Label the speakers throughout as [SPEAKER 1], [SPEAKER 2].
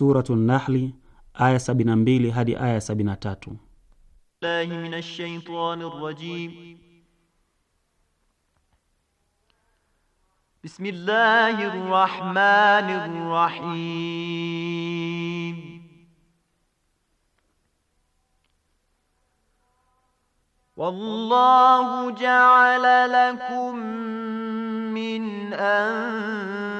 [SPEAKER 1] Suratu Nahli aya 72 hadi aya 73.
[SPEAKER 2] Billahi minash shaitani rajim. Bismillahir Rahmanir Rahim. والله جعل لكم من أنفسكم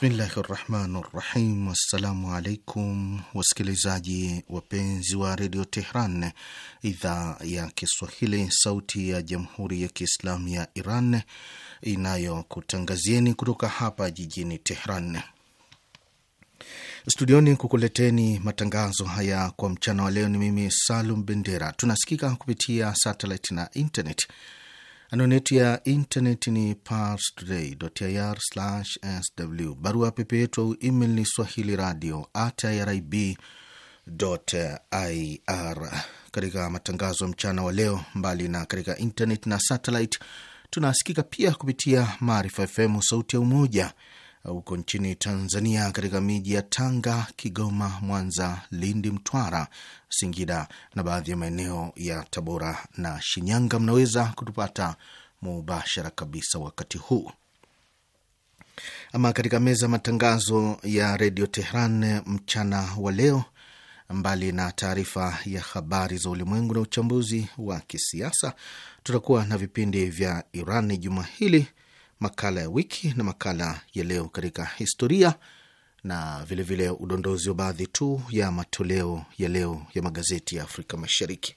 [SPEAKER 3] Bismillahi rahmani rahim. Assalamu alaikum wasikilizaji wapenzi wa redio Tehran, idhaa ya Kiswahili, sauti ya jamhuri ya kiislamu ya Iran inayokutangazieni kutoka hapa jijini Tehran studioni kukuleteni matangazo haya kwa mchana wa leo. Ni mimi Salum Bendera. Tunasikika kupitia satelit na internet. Anwani yetu ya intaneti ni parstoday.ir/sw. Barua pepe yetu au email ni swahili radio at irib.ir. Katika matangazo mchana wa leo, mbali na katika intaneti na satellite, tunasikika pia kupitia Maarifa FM sauti ya Umoja huko nchini Tanzania, katika miji ya Tanga, Kigoma, Mwanza, Lindi, Mtwara, Singida na baadhi ya maeneo ya Tabora na Shinyanga. Mnaweza kutupata mubashara kabisa wakati huu. Ama katika meza matangazo ya redio Tehran mchana wa leo, mbali na taarifa ya habari za ulimwengu na uchambuzi wa kisiasa, tutakuwa na vipindi vya Iran juma hili makala ya wiki na makala ya leo katika historia na vilevile vile udondozi wa baadhi tu ya matoleo ya leo ya magazeti ya Afrika Mashariki.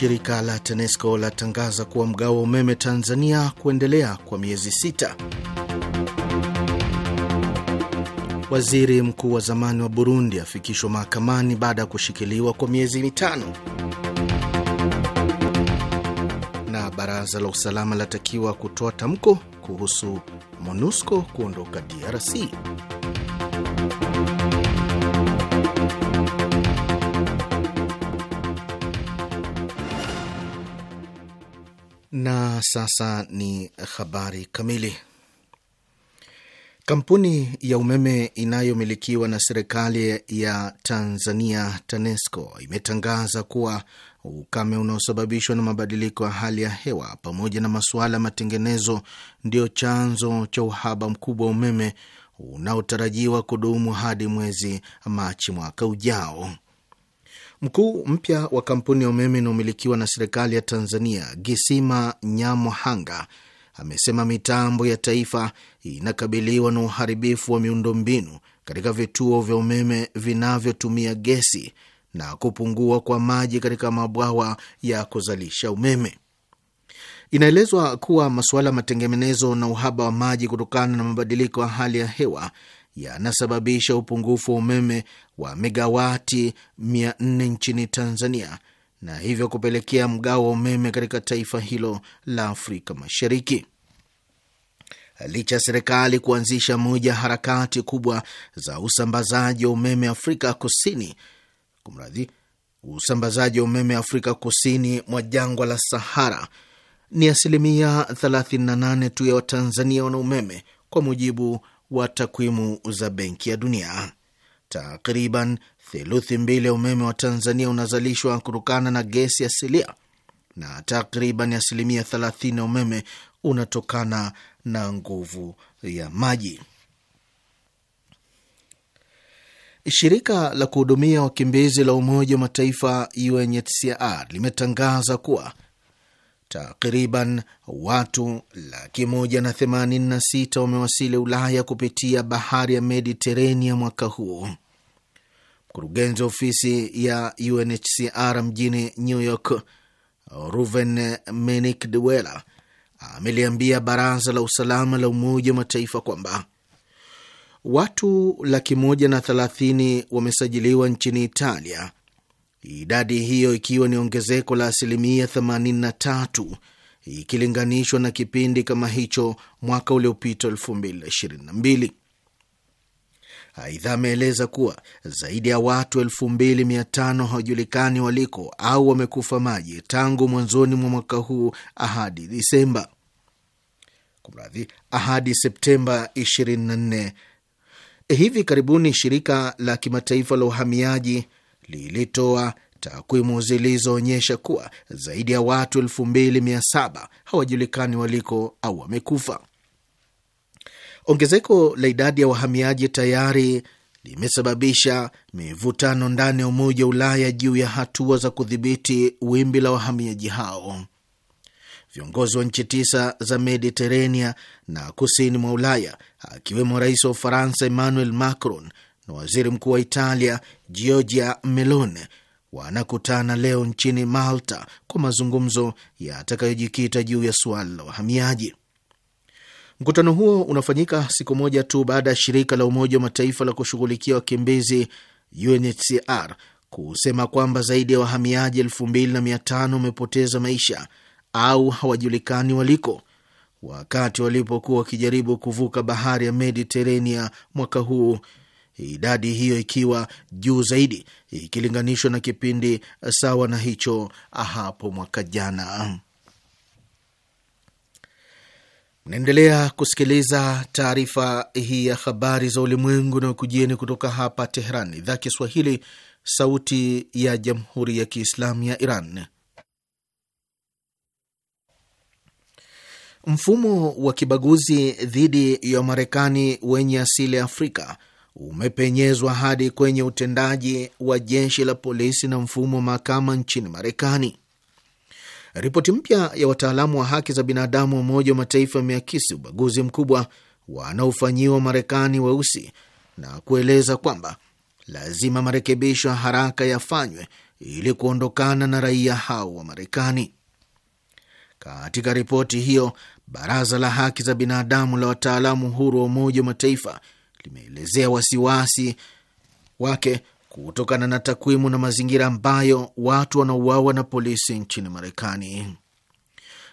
[SPEAKER 3] Shirika la TANESCO latangaza kuwa mgao wa umeme Tanzania kuendelea kwa miezi sita. Waziri mkuu wa zamani wa Burundi afikishwa mahakamani baada ya kushikiliwa kwa miezi mitano. Na baraza la usalama latakiwa kutoa tamko kuhusu MONUSCO kuondoka DRC. Na sasa ni habari kamili. Kampuni ya umeme inayomilikiwa na serikali ya Tanzania, TANESCO, imetangaza kuwa ukame unaosababishwa na mabadiliko ya hali ya hewa pamoja na masuala ya matengenezo ndio chanzo cha uhaba mkubwa wa umeme unaotarajiwa kudumu hadi mwezi Machi mwaka ujao. Mkuu mpya wa kampuni ya umeme inayomilikiwa na serikali ya Tanzania, Gisima Nyamohanga, amesema mitambo ya taifa inakabiliwa na uharibifu wa miundombinu katika vituo vya umeme vinavyotumia gesi na kupungua kwa maji katika mabwawa ya kuzalisha umeme. Inaelezwa kuwa masuala ya matengenezo na uhaba wa maji kutokana na mabadiliko ya hali ya hewa yanasababisha upungufu wa umeme wa megawati 400 nchini Tanzania na hivyo kupelekea mgao wa umeme katika taifa hilo la Afrika Mashariki. Licha ya serikali kuanzisha moja harakati kubwa za usambazaji wa umeme Afrika Kusini, kumradhi, usambazaji wa umeme Afrika Kusini mwa jangwa la Sahara, ni asilimia 38 tu ya Watanzania wana umeme, kwa mujibu wa takwimu za Benki ya Dunia. Takriban theluthi mbili ya umeme wa Tanzania unazalishwa kutokana na gesi asilia na takriban asilimia 30 ya umeme unatokana na nguvu ya maji. Shirika la kuhudumia wakimbizi la Umoja wa Mataifa UNHCR limetangaza kuwa takriban watu laki moja na themanini na sita wamewasili Ulaya kupitia bahari ya Mediterania mwaka huu. Mkurugenzi wa ofisi ya UNHCR mjini New York, Ruven Menik Dewela, ameliambia Baraza la Usalama la Umoja wa Mataifa kwamba watu laki moja na thelathini wamesajiliwa nchini Italia idadi hiyo ikiwa ni ongezeko la asilimia 83 ikilinganishwa na kipindi kama hicho mwaka uliopita 2022. Aidha, ameeleza kuwa zaidi ya watu 2500 hawajulikani waliko au wamekufa maji tangu mwanzoni mwa mwaka huu ahadi Disemba, kumradhi, ahadi Septemba 24. Hivi karibuni shirika la kimataifa la uhamiaji lilitoa takwimu zilizoonyesha kuwa zaidi ya watu 27 hawajulikani waliko au wamekufa. Ongezeko la idadi ya wahamiaji tayari limesababisha mivutano ndani ya Umoja wa Ulaya juu ya hatua za kudhibiti wimbi la wahamiaji hao. Viongozi wa nchi tisa za Mediterania na kusini mwa Ulaya akiwemo rais wa Ufaransa Emmanuel Macron na waziri mkuu wa Italia Giorgia Meloni wanakutana leo nchini Malta kwa mazungumzo yatakayojikita juu ya suala la wahamiaji. Mkutano huo unafanyika siku moja tu baada ya shirika la Umoja wa Mataifa la kushughulikia wakimbizi UNHCR kusema kwamba zaidi ya wahamiaji elfu wamepoteza maisha au hawajulikani waliko wakati walipokuwa wakijaribu kuvuka bahari ya Mediterania mwaka huu idadi hiyo ikiwa juu zaidi ikilinganishwa na kipindi sawa na hicho hapo mwaka jana. Naendelea kusikiliza taarifa hii ya habari za ulimwengu na kujieni kutoka hapa Tehran, idhaa Kiswahili, sauti ya jamhuri ya kiislamu ya Iran. Mfumo wa kibaguzi dhidi ya Marekani wenye asili ya Afrika umepenyezwa hadi kwenye utendaji wa jeshi la polisi na mfumo wa mahakama nchini Marekani. Ripoti mpya ya wataalamu wa haki za binadamu wa Umoja wa Mataifa imeakisi ubaguzi mkubwa wanaofanyiwa Marekani weusi na kueleza kwamba lazima marekebisho ya haraka yafanywe ili kuondokana na raia hao wa Marekani. Katika ripoti hiyo, baraza la haki za binadamu la wataalamu huru wa Umoja wa Mataifa limeelezea wasiwasi wake kutokana na takwimu na mazingira ambayo watu wanauawa na polisi nchini Marekani.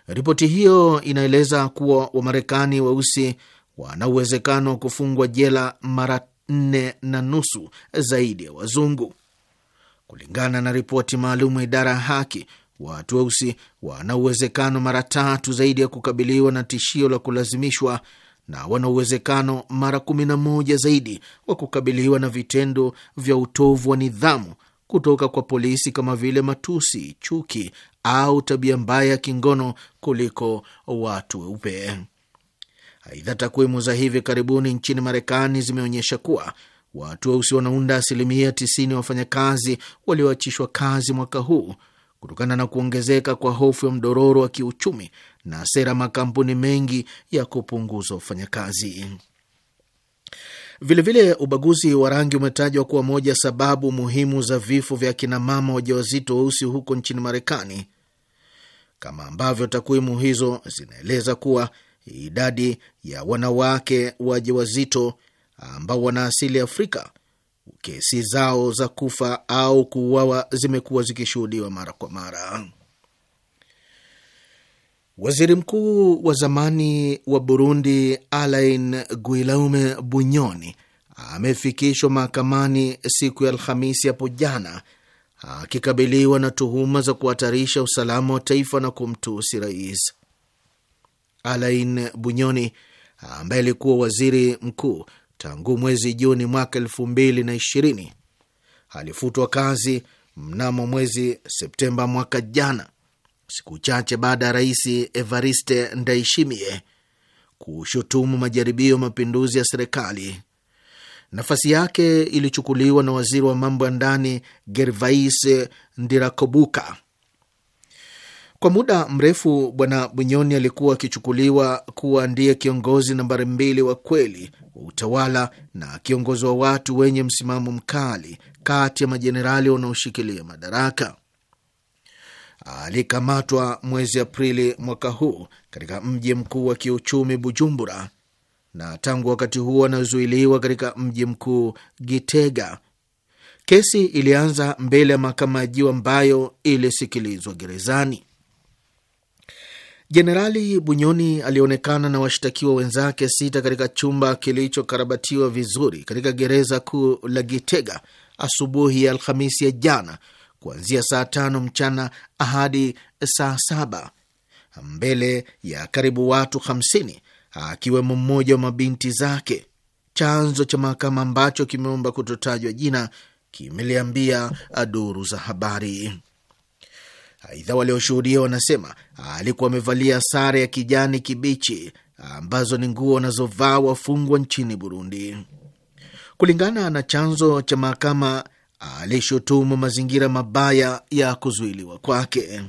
[SPEAKER 3] Ripoti hiyo inaeleza kuwa Wamarekani weusi wana uwezekano wa kufungwa jela mara nne na nusu zaidi ya wazungu. Kulingana na ripoti maalum ya idara ya haki, watu weusi wana uwezekano mara tatu zaidi ya kukabiliwa na tishio la kulazimishwa na wana uwezekano mara kumi na moja zaidi wa kukabiliwa na vitendo vya utovu wa nidhamu kutoka kwa polisi kama vile matusi, chuki au tabia mbaya ya kingono kuliko watu weupe. Aidha, takwimu za hivi karibuni nchini Marekani zimeonyesha kuwa watu weusi wanaunda asilimia 90 ya wafanyakazi walioachishwa kazi mwaka huu kutokana na kuongezeka kwa hofu ya mdororo wa kiuchumi na sera makampuni mengi ya kupunguza wafanyakazi. Vilevile, ubaguzi wa rangi umetajwa kuwa moja sababu muhimu za vifo vya akinamama wajawazito weusi huko nchini Marekani, kama ambavyo takwimu hizo zinaeleza kuwa idadi ya wanawake wajawazito ambao wana asili Afrika, kesi zao za kufa au kuuawa zimekuwa zikishuhudiwa mara kwa mara. Waziri mkuu wa zamani wa Burundi Alain Guillaume Bunyoni amefikishwa mahakamani siku ya Alhamisi hapo jana akikabiliwa na tuhuma za kuhatarisha usalama wa taifa na kumtusi rais. Alain Bunyoni ambaye alikuwa waziri mkuu tangu mwezi Juni mwaka elfu mbili na ishirini alifutwa kazi mnamo mwezi Septemba mwaka jana siku chache baada ya rais Evariste Ndayishimiye kushutumu majaribio ya mapinduzi ya serikali. Nafasi yake ilichukuliwa na waziri wa mambo ya ndani Gervais Ndirakobuka. Kwa muda mrefu, Bwana Bunyoni alikuwa akichukuliwa kuwa ndiye kiongozi nambari mbili wa kweli wa utawala na kiongozi wa watu wenye msimamo mkali kati ya majenerali wanaoshikilia madaraka alikamatwa mwezi Aprili mwaka huu katika mji mkuu wa kiuchumi Bujumbura, na tangu wakati huo anazuiliwa katika mji mkuu Gitega. Kesi ilianza mbele ya mahakama ya juu ambayo ilisikilizwa gerezani. Jenerali Bunyoni alionekana na washtakiwa wenzake sita katika chumba kilichokarabatiwa vizuri katika gereza kuu la Gitega asubuhi ya Alhamisi ya jana kuanzia saa tano mchana hadi saa saba mbele ya karibu watu hamsini akiwemo mmoja wa mabinti zake. Chanzo cha mahakama ambacho kimeomba kutotajwa jina kimeliambia duru za habari. Aidha, walioshuhudia wanasema alikuwa amevalia sare ya kijani kibichi ambazo ni nguo wanazovaa wafungwa nchini Burundi. Kulingana na chanzo cha mahakama alishutumu mazingira mabaya ya kuzuiliwa kwake.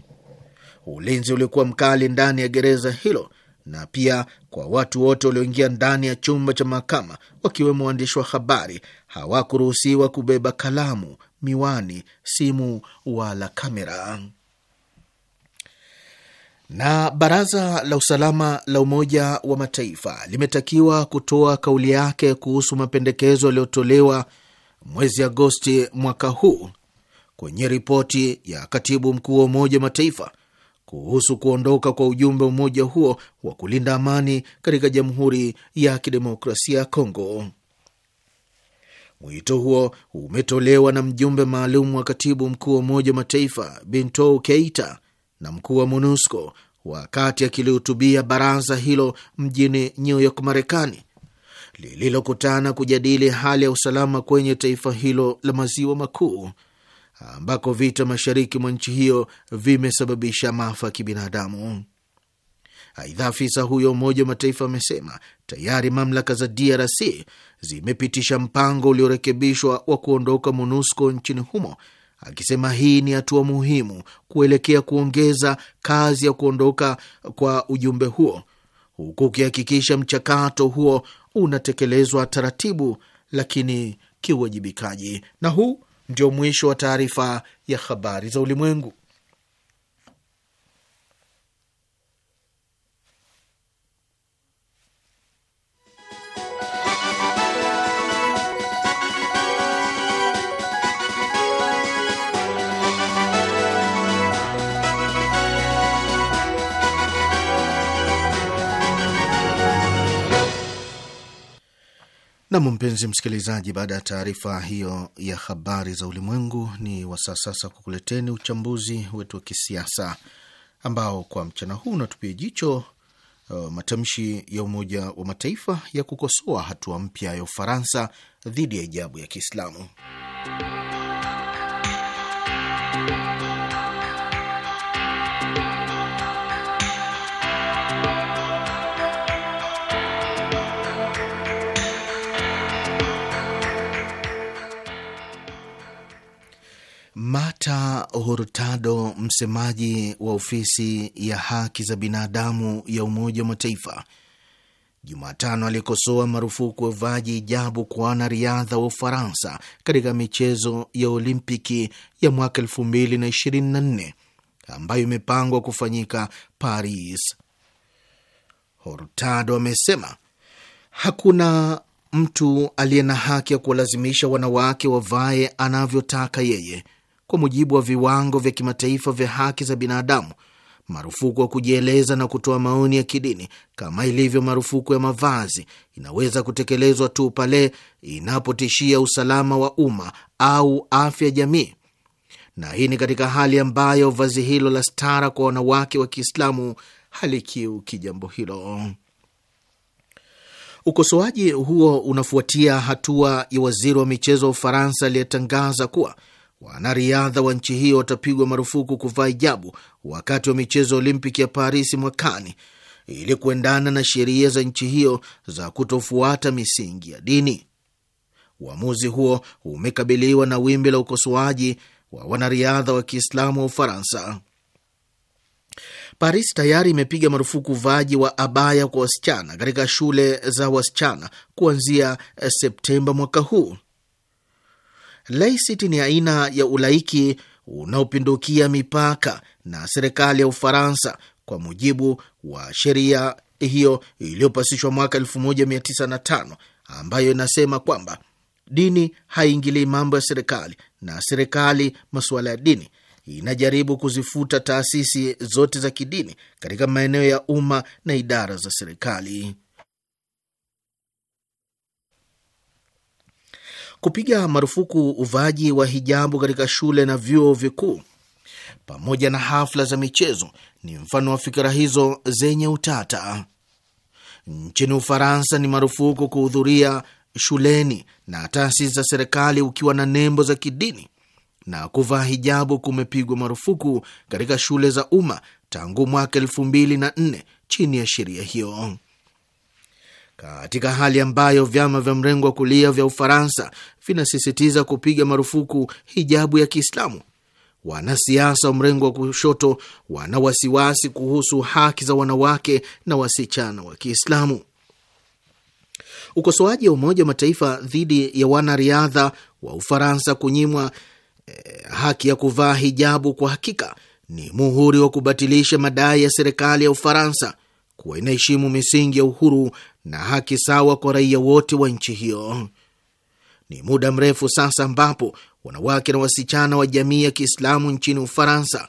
[SPEAKER 3] Ulinzi ulikuwa mkali ndani ya gereza hilo na pia kwa watu wote walioingia ndani ya chumba cha mahakama, wakiwemo waandishi wa habari. Hawakuruhusiwa kubeba kalamu, miwani, simu wala kamera. Na baraza la usalama la Umoja wa Mataifa limetakiwa kutoa kauli yake kuhusu mapendekezo yaliyotolewa mwezi Agosti mwaka huu kwenye ripoti ya katibu mkuu wa Umoja wa Mataifa kuhusu kuondoka kwa ujumbe wa umoja huo wa kulinda amani katika Jamhuri ya Kidemokrasia ya Kongo. Mwito huo umetolewa na mjumbe maalum wa katibu mkuu wa Umoja wa Mataifa Bintou Keita na mkuu wa MONUSCO wakati akilihutubia baraza hilo mjini New York, Marekani, lililokutana kujadili hali ya usalama kwenye taifa hilo la maziwa makuu ambako vita mashariki mwa nchi hiyo vimesababisha maafa ya kibinadamu. Aidha, afisa huyo Umoja wa Mataifa amesema tayari mamlaka za DRC zimepitisha mpango uliorekebishwa wa kuondoka MONUSCO nchini humo, akisema hii ni hatua muhimu kuelekea kuongeza kazi ya kuondoka kwa ujumbe huo, huku ukihakikisha mchakato huo unatekelezwa taratibu, lakini kiuwajibikaji. Na huu ndio mwisho wa taarifa ya habari za ulimwengu. Nam, mpenzi msikilizaji, baada ya taarifa hiyo ya habari za ulimwengu, ni wasaa sasa kukuleteni uchambuzi wetu wa kisiasa ambao kwa mchana huu unatupia jicho uh, matamshi ya Umoja wa Mataifa ya kukosoa hatua mpya ya Ufaransa dhidi ya hijabu ya Kiislamu. mata Hurtado, msemaji wa ofisi ya haki za binadamu ya Umoja wa Mataifa, Jumatano alikosoa marufuku ya uvaaji ijabu kwa wanariadha wa Ufaransa katika michezo ya Olimpiki ya mwaka 2024 ambayo imepangwa kufanyika Paris. Hurtado amesema hakuna mtu aliye na haki ya kuwalazimisha wanawake wavae anavyotaka yeye kwa mujibu wa viwango vya kimataifa vya haki za binadamu, marufuku ya kujieleza na kutoa maoni ya kidini kama ilivyo marufuku ya mavazi inaweza kutekelezwa tu pale inapotishia usalama wa umma au afya ya jamii, na hii ni katika hali ambayo vazi hilo la stara kwa wanawake wa Kiislamu halikiuki jambo hilo. Ukosoaji huo unafuatia hatua ya waziri wa michezo wa Ufaransa aliyetangaza kuwa wanariadha wa nchi hiyo watapigwa marufuku kuvaa hijabu wakati wa michezo ya Olimpiki ya Paris mwakani ili kuendana na sheria za nchi hiyo za kutofuata misingi ya dini. Uamuzi huo umekabiliwa na wimbi la ukosoaji wa wanariadha wa Kiislamu wa Ufaransa. Paris tayari imepiga marufuku uvaaji wa abaya kwa wasichana katika shule za wasichana kuanzia Septemba mwaka huu. Laisiti ni aina ya ulaiki unaopindukia mipaka na serikali ya Ufaransa kwa mujibu wa sheria hiyo iliyopasishwa mwaka 1905 ambayo inasema kwamba dini haiingilii mambo ya serikali na serikali masuala ya dini. Inajaribu kuzifuta taasisi zote za kidini katika maeneo ya umma na idara za serikali. kupiga marufuku uvaaji wa hijabu katika shule na vyuo vikuu pamoja na hafla za michezo ni mfano wa fikira hizo zenye utata. Nchini Ufaransa ni marufuku kuhudhuria shuleni na taasisi za serikali ukiwa na nembo za kidini, na kuvaa hijabu kumepigwa marufuku katika shule za umma tangu mwaka elfu mbili na nne chini ya sheria hiyo katika hali ambayo vyama vya mrengo wa kulia vya Ufaransa vinasisitiza kupiga marufuku hijabu ya Kiislamu, wanasiasa wa mrengo wa kushoto wana wasiwasi kuhusu haki za wanawake na wasichana wa Kiislamu. Ukosoaji wa Umoja wa Mataifa dhidi ya wanariadha wa Ufaransa kunyimwa eh, haki ya kuvaa hijabu kwa hakika ni muhuri wa kubatilisha madai ya serikali ya Ufaransa kuwa inaheshimu misingi ya uhuru na haki sawa kwa raia wote wa nchi hiyo. Ni muda mrefu sasa ambapo wanawake na wasichana wa jamii ya Kiislamu nchini Ufaransa,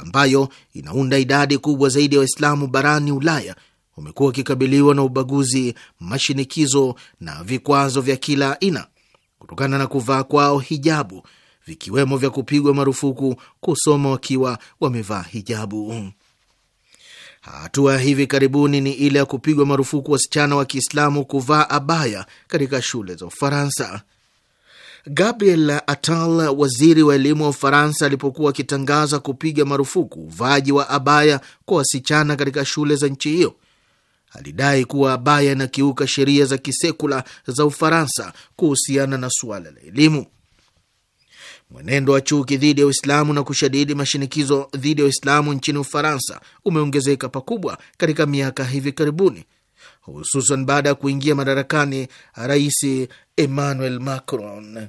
[SPEAKER 3] ambayo inaunda idadi kubwa zaidi ya wa Waislamu barani Ulaya, wamekuwa wakikabiliwa na ubaguzi, mashinikizo na vikwazo vya kila aina kutokana na kuvaa kwao hijabu, vikiwemo vya kupigwa marufuku kusoma wakiwa wamevaa hijabu. Hatua ya hivi karibuni ni ile ya kupigwa marufuku wasichana wa Kiislamu kuvaa abaya katika shule za Ufaransa. Gabriel Attal, waziri wa elimu wa Ufaransa, alipokuwa akitangaza kupiga marufuku uvaaji wa abaya kwa wasichana katika shule za nchi hiyo, alidai kuwa abaya inakiuka sheria za kisekula za Ufaransa kuhusiana na suala la elimu. Mwenendo wa chuki dhidi ya Uislamu na kushadidi mashinikizo dhidi ya Uislamu nchini Ufaransa umeongezeka pakubwa katika miaka hivi karibuni, hususan baada ya kuingia madarakani Rais Emmanuel Macron.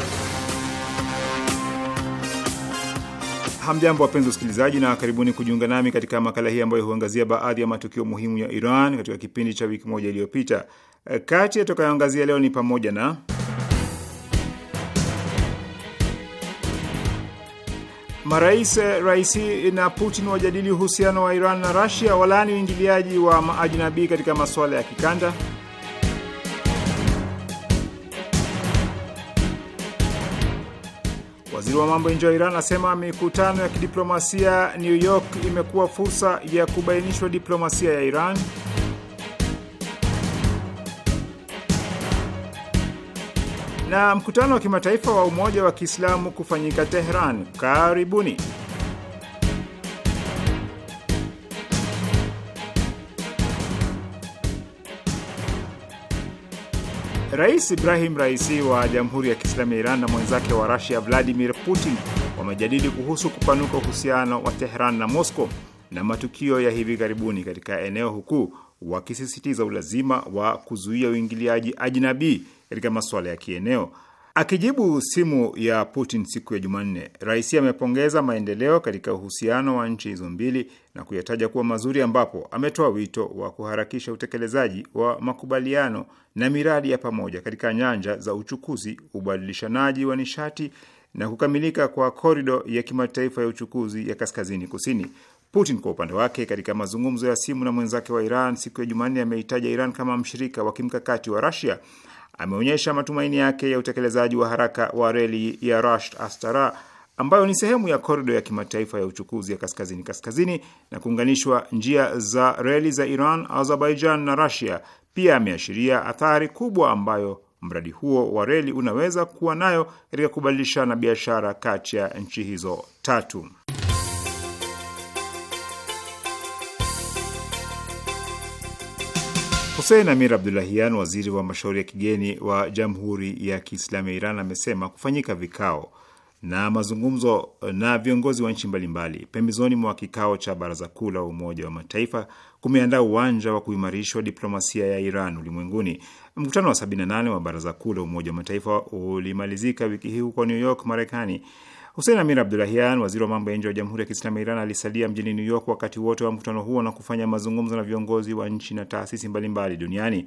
[SPEAKER 1] Hamjambo, wapenzi wasikilizaji, na karibuni kujiunga nami katika makala hii ambayo huangazia baadhi ya matukio muhimu ya Iran katika kipindi cha wiki moja iliyopita. Eh, kati yatokayoangazia leo ni pamoja na marais eh, Raisi na Putin wajadili uhusiano wa Iran na Rasia, walaani uingiliaji wa maajinabii katika masuala ya kikanda Waziri wa mambo ya nje wa Iran anasema mikutano ya kidiplomasia New York imekuwa fursa ya kubainishwa diplomasia ya Iran. Na mkutano wa kimataifa wa umoja wa Kiislamu kufanyika Tehran. Karibuni. Rais Ibrahim Raisi wa Jamhuri ya Kiislamu ya Iran na mwenzake wa Rusia Vladimir Putin wamejadili kuhusu kupanuka uhusiano wa Tehran na Moscow na matukio ya hivi karibuni katika eneo, huku wakisisitiza ulazima wa kuzuia uingiliaji ajnabii katika masuala ya kieneo. Akijibu simu ya Putin siku ya Jumanne, raisi amepongeza maendeleo katika uhusiano wa nchi hizo mbili na kuyataja kuwa mazuri, ambapo ametoa wito wa kuharakisha utekelezaji wa makubaliano na miradi ya pamoja katika nyanja za uchukuzi, ubadilishanaji wa nishati na kukamilika kwa korido ya kimataifa ya uchukuzi ya kaskazini kusini. Putin kwa upande wake, katika mazungumzo ya simu na mwenzake wa Iran siku ya Jumanne, ameitaja Iran kama mshirika wa kimkakati wa Rusia ameonyesha matumaini yake ya utekelezaji wa haraka wa reli ya Rasht Astara ambayo ni sehemu ya korido ya kimataifa ya uchukuzi ya kaskazini kaskazini na kuunganishwa njia za reli za Iran, Azerbaijan na Russia. Pia ameashiria athari kubwa ambayo mradi huo wa reli unaweza kuwa nayo katika kubadilishana biashara kati ya nchi hizo tatu. Husein Amir Abdulahian, waziri wa mashauri ya kigeni wa Jamhuri ya Kiislamu ya Iran, amesema kufanyika vikao na mazungumzo na viongozi wa nchi mbalimbali pembezoni mwa kikao cha Baraza Kuu la Umoja wa Mataifa kumeandaa uwanja wa kuimarishwa diplomasia ya Iran ulimwenguni. Mkutano wa 78 wa Baraza Kuu la Umoja wa Mataifa ulimalizika wiki hii huko New York, Marekani, Husein Amir Abdulahian, waziri wa mambo ya nje wa Jamhuri ya Kiislamu ya Iran, alisalia mjini New York wakati wote wa mkutano huo na kufanya mazungumzo na viongozi wa nchi na taasisi mbalimbali duniani.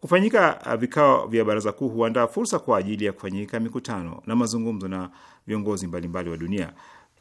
[SPEAKER 1] Kufanyika uh, vikao vya baraza kuu huandaa fursa kwa ajili ya kufanyika mikutano na mazungumzo na viongozi mbalimbali wa dunia.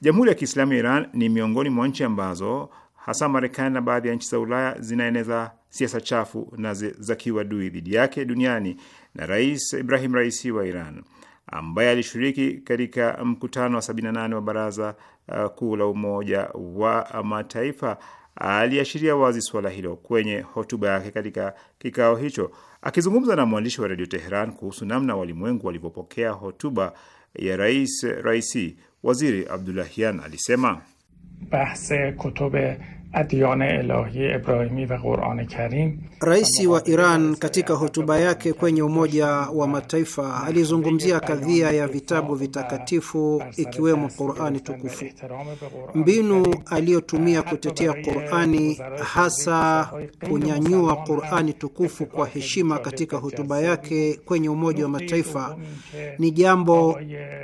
[SPEAKER 1] Jamhuri ya Kiislamu ya Iran ni miongoni mwa nchi ambazo hasa Marekani na baadhi ya nchi za Ulaya zinaeneza siasa chafu na za kiuadui dhidi yake duniani, na Rais Ibrahim Raisi wa Iran ambaye alishiriki katika mkutano wa 78 wa Baraza uh, Kuu la Umoja wa Mataifa aliashiria wazi suala hilo kwenye hotuba yake katika kikao hicho. Akizungumza na mwandishi wa redio Teheran kuhusu namna walimwengu walivyopokea hotuba ya rais Raisi, waziri Abdulahian alisema bahse kutube
[SPEAKER 4] Rais wa Iran katika hotuba yake kwenye Umoja wa Mataifa alizungumzia kadhia ya vitabu vitakatifu ikiwemo Qurani tukufu. Mbinu aliyotumia kutetea Qurani, hasa kunyanyua Qurani tukufu kwa heshima katika hotuba yake kwenye Umoja wa Mataifa, ni jambo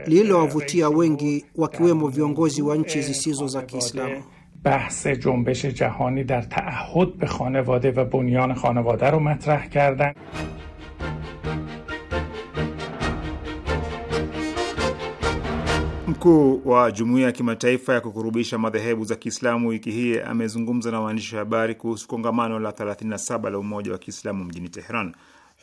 [SPEAKER 4] lililowavutia wengi, wakiwemo viongozi wa nchi zisizo za Kiislamu.
[SPEAKER 1] بحث جنبش جهانی در تعهد به خانواده و بنیان خانواده رو مطرح کردن Mkuu wa Jumuiya ya Kimataifa ya Kukurubisha Madhehebu za Kiislamu wiki hii amezungumza na waandishi wa habari kuhusu kongamano la 37 la Umoja wa Kiislamu mjini Teheran.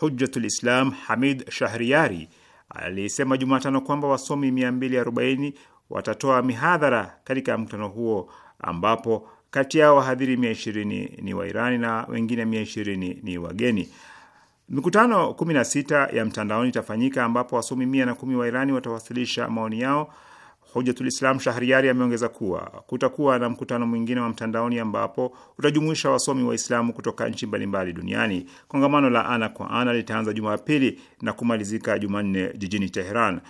[SPEAKER 1] Hujjatul Islam Hamid Shahriari alisema Jumatano kwamba wasomi 240 watatoa mihadhara katika mkutano huo ambapo kati yao wahadhiri mia ishirini ni Wairani na wengine mia ishirini ni wageni. Mikutano kumi na sita ya mtandaoni itafanyika ambapo wasomi mia na kumi wa Irani watawasilisha maoni yao. Hujatulislam Shahriari ameongeza kuwa kutakuwa na mkutano mwingine wa mtandaoni ambapo utajumuisha wasomi Waislamu kutoka nchi mbalimbali duniani. Kongamano la ana kwa ana litaanza Jumapili na kumalizika Jumanne jijini Teheran.